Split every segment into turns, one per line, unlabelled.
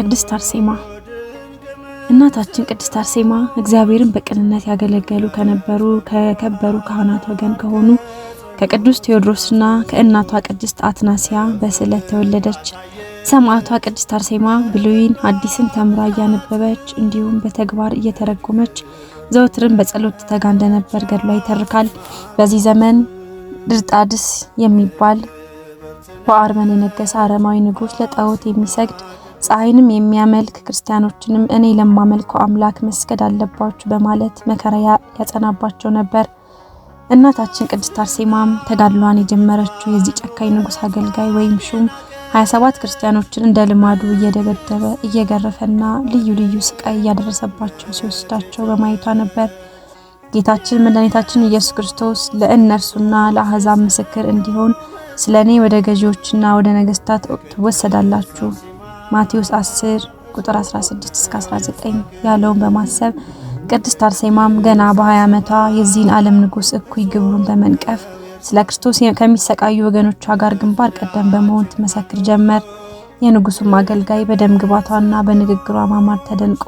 ቅድስት አርሴማ እናታችን ቅድስት አርሴማ እግዚአብሔርን በቅንነት ያገለገሉ ከነበሩ ከከበሩ ካህናት ወገን ከሆኑ ከቅዱስ ቴዎድሮስና ከእናቷ ቅድስት አትናሲያ በስዕለት ተወለደች። ሰማዕቷ ቅድስት አርሴማ ብሉይን አዲስን ተምራ እያነበበች እንዲሁም በተግባር እየተረጎመች ዘውትርን በጸሎት ትተጋ እንደነበር ገድሏ ይተርካል። በዚህ ዘመን ድርጣድስ የሚባል በአርመን የነገሰ አረማዊ ንጉስ ለጣዖት የሚሰግድ ፀሐይንም የሚያመልክ ክርስቲያኖችንም እኔ ለማመልከው አምላክ መስገድ አለባችሁ በማለት መከራ ያጸናባቸው ነበር። እናታችን ቅድስት አርሴማም ተጋድሏን የጀመረችው የዚህ ጨካኝ ንጉሥ አገልጋይ ወይም ሹም 27 ክርስቲያኖችን እንደ ልማዱ እየደበደበ እየገረፈና ልዩ ልዩ ስቃይ እያደረሰባቸው ሲወስዳቸው በማየቷ ነበር። ጌታችን መድኃኒታችን ኢየሱስ ክርስቶስ ለእነርሱና ለአሕዛብ ምስክር እንዲሆን ስለ እኔ ወደ ገዢዎችና ወደ ነገስታት ትወሰዳላችሁ ማቴዎስ 10 ቁጥር 16 እስከ 19 ያለውን በማሰብ ቅድስት አርሴማም ገና በ20 ዓመቷ የዚህን ዓለም ንጉሥ እኩይ ግብሩን በመንቀፍ ስለ ክርስቶስ ከሚሰቃዩ ወገኖቿ ጋር ግንባር ቀደም በመሆን ትመሰክር ጀመር። የንጉሱም አገልጋይ በደም ግባቷና በንግግሯ ማማር ተደንቆ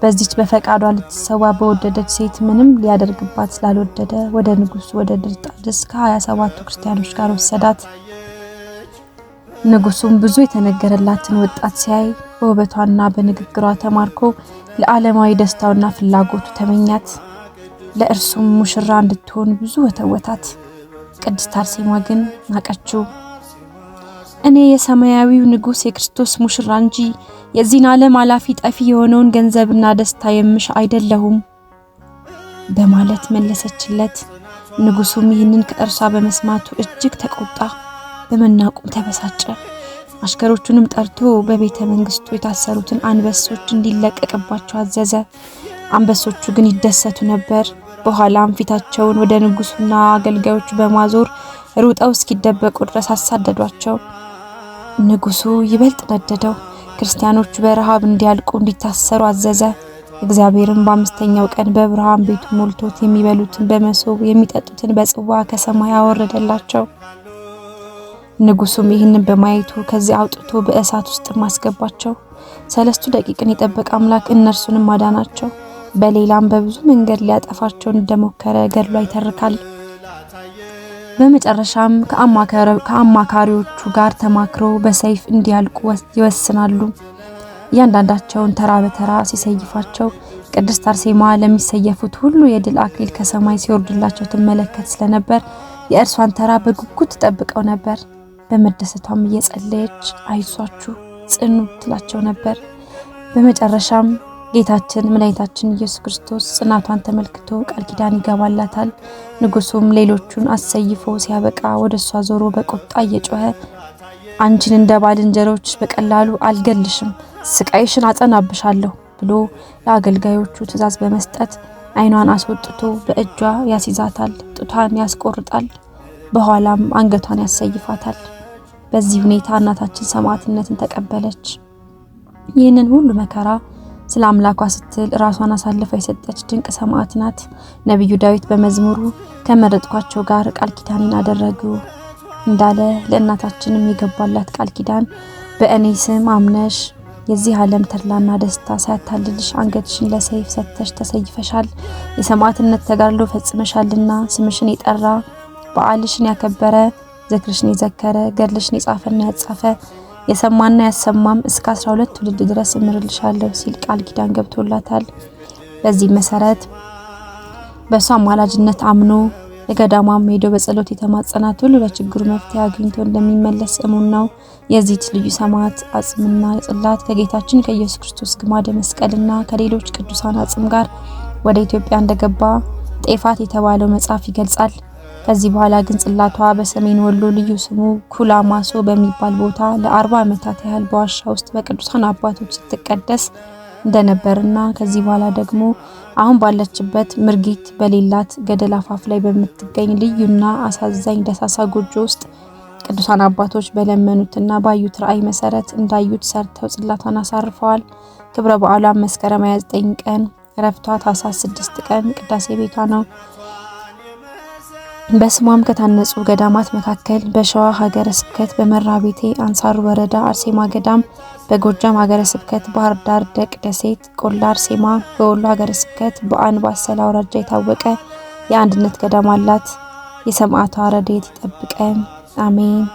በዚች በፈቃዷ ልትሰዋ በወደደች ሴት ምንም ሊያደርግባት ስላልወደደ ወደ ንጉሱ ወደ ድርጣድስ ከ27ቱ ክርስቲያኖች ጋር ወሰዳት። ንጉሱም ብዙ የተነገረላትን ወጣት ሲያይ በውበቷና በንግግሯ ተማርኮ ለዓለማዊ ደስታውና ፍላጎቱ ተመኛት። ለእርሱም ሙሽራ እንድትሆን ብዙ ወተወታት። ቅድስት አርሴማ ግን ናቀችው። እኔ የሰማያዊው ንጉሥ የክርስቶስ ሙሽራ እንጂ የዚህን ዓለም አላፊ ጠፊ የሆነውን ገንዘብና ደስታ የምሽ አይደለሁም በማለት መለሰችለት። ንጉሱም ይህንን ከእርሷ በመስማቱ እጅግ ተቆጣ። በመናቁም ተበሳጨ። አሽከሮቹንም ጠርቶ በቤተ መንግስቱ የታሰሩትን አንበሶች እንዲለቀቅባቸው አዘዘ። አንበሶቹ ግን ይደሰቱ ነበር። በኋላም ፊታቸውን ወደ ንጉሱና አገልጋዮቹ በማዞር ሩጠው እስኪደበቁ ድረስ አሳደዷቸው። ንጉሱ ይበልጥ ነደደው። ክርስቲያኖቹ በረሃብ እንዲያልቁ እንዲታሰሩ አዘዘ። እግዚአብሔርም በአምስተኛው ቀን በብርሃን ቤቱ ሞልቶት የሚበሉትን በመሶብ የሚጠጡትን በጽዋ ከሰማይ አወረደላቸው። ንጉሱም ይህንን በማየቱ ከዚህ አውጥቶ በእሳት ውስጥ ማስገባቸው፣ ሰለስቱ ደቂቅን የጠበቀ አምላክ እነርሱንም አዳናቸው። በሌላም በብዙ መንገድ ሊያጠፋቸው እንደሞከረ ገድሏ ይተርካል። በመጨረሻም ከአማካሪዎቹ ጋር ተማክረው በሰይፍ እንዲያልቁ ይወስናሉ። እያንዳንዳቸውን ተራ በተራ ሲሰይፋቸው ቅድስት አርሴማ ለሚሰየፉት ሁሉ የድል አክሊል ከሰማይ ሲወርድላቸው ትመለከት ስለነበር የእርሷን ተራ በጉጉት ጠብቀው ነበር። በመደሰቷም እየጸለየች አይዟችሁ ጽኑ ትላቸው ነበር። በመጨረሻም ጌታችን መድኃኒታችን ኢየሱስ ክርስቶስ ጽናቷን ተመልክቶ ቃል ኪዳን ይገባላታል። ንጉሱም ሌሎቹን አሰይፎ ሲያበቃ ወደ እሷ ዞሮ በቁጣ እየጮኸ አንቺን እንደ ባልንጀሮች በቀላሉ አልገልሽም፣ ስቃይሽን አጸናብሻለሁ ብሎ ለአገልጋዮቹ ትእዛዝ በመስጠት አይኗን አስወጥቶ በእጇ ያስይዛታል፣ ጡቷን ያስቆርጣል፣ በኋላም አንገቷን ያሰይፋታል። በዚህ ሁኔታ እናታችን ሰማዕትነትን ተቀበለች። ይህንን ሁሉ መከራ ስለ አምላኳ ስትል ራሷን አሳልፋ የሰጠች ድንቅ ሰማዕት ናት። ነቢዩ ዳዊት በመዝሙሩ ከመረጥኳቸው ጋር ቃል ኪዳንን አደረጉ እንዳለ ለእናታችንም የገባላት ቃል ኪዳን በእኔ ስም አምነሽ የዚህ ዓለም ተድላና ደስታ ሳያታልልሽ አንገትሽን ለሰይፍ ሰጥተሽ ተሰይፈሻል። የሰማዕትነት ተጋድሎ ፈጽመሻልና ስምሽን የጠራ በዓልሽን ያከበረ ዝክርሽን የዘከረ ገድልሽን የጻፈና ያጻፈ የሰማና ያሰማም እስከ 12 ትውልድ ድረስ እምርልሻለሁ ሲል ቃል ኪዳን ገብቶላታል። በዚህ መሰረት በእሷ አማላጅነት አምኖ የገዳማም ሄዶ በጸሎት የተማጸናት ሁሉ ለችግሩ መፍትሄ አግኝቶ እንደሚመለስ እሙን ነው። የዚህች ልዩ ሰማዕት አጽምና ጽላት ከጌታችን ከኢየሱስ ክርስቶስ ግማደ መስቀልና ከሌሎች ቅዱሳን አጽም ጋር ወደ ኢትዮጵያ እንደገባ ጤፋት የተባለው መጽሐፍ ይገልጻል። ከዚህ በኋላ ግን ጽላቷ በሰሜን ወሎ ልዩ ስሙ ኩላማሶ በሚባል ቦታ ለአርባ ዓመታት ያህል በዋሻ ውስጥ በቅዱሳን አባቶች ስትቀደስ እንደነበርና ከዚህ በኋላ ደግሞ አሁን ባለችበት ምርጊት በሌላት ገደል አፋፍ ላይ በምትገኝ ልዩና አሳዛኝ ደሳሳ ጎጆ ውስጥ ቅዱሳን አባቶች በለመኑትና ባዩት ራእይ መሰረት እንዳዩት ሰርተው ጽላቷን አሳርፈዋል። ክብረ በዓሏ መስከረም 29 ቀን፣ ረፍቷ ታኅሳስ 6 ቀን፣ ቅዳሴ ቤቷ ነው። በስሟም ከታነጹ ገዳማት መካከል በሸዋ ሀገረ ስብከት በመራ ቤቴ አንሳር ወረዳ አርሴማ ገዳም፣ በጎጃም ሀገረ ስብከት ባህር ዳር ደቅ ደሴት ቆላ አርሴማ፣ በወሎ ሀገረ ስብከት በአንባሰል አውራጃ የታወቀ የአንድነት ገዳም አላት። የሰማዕቷ ረድኤት ይጠብቀን፣ አሜን።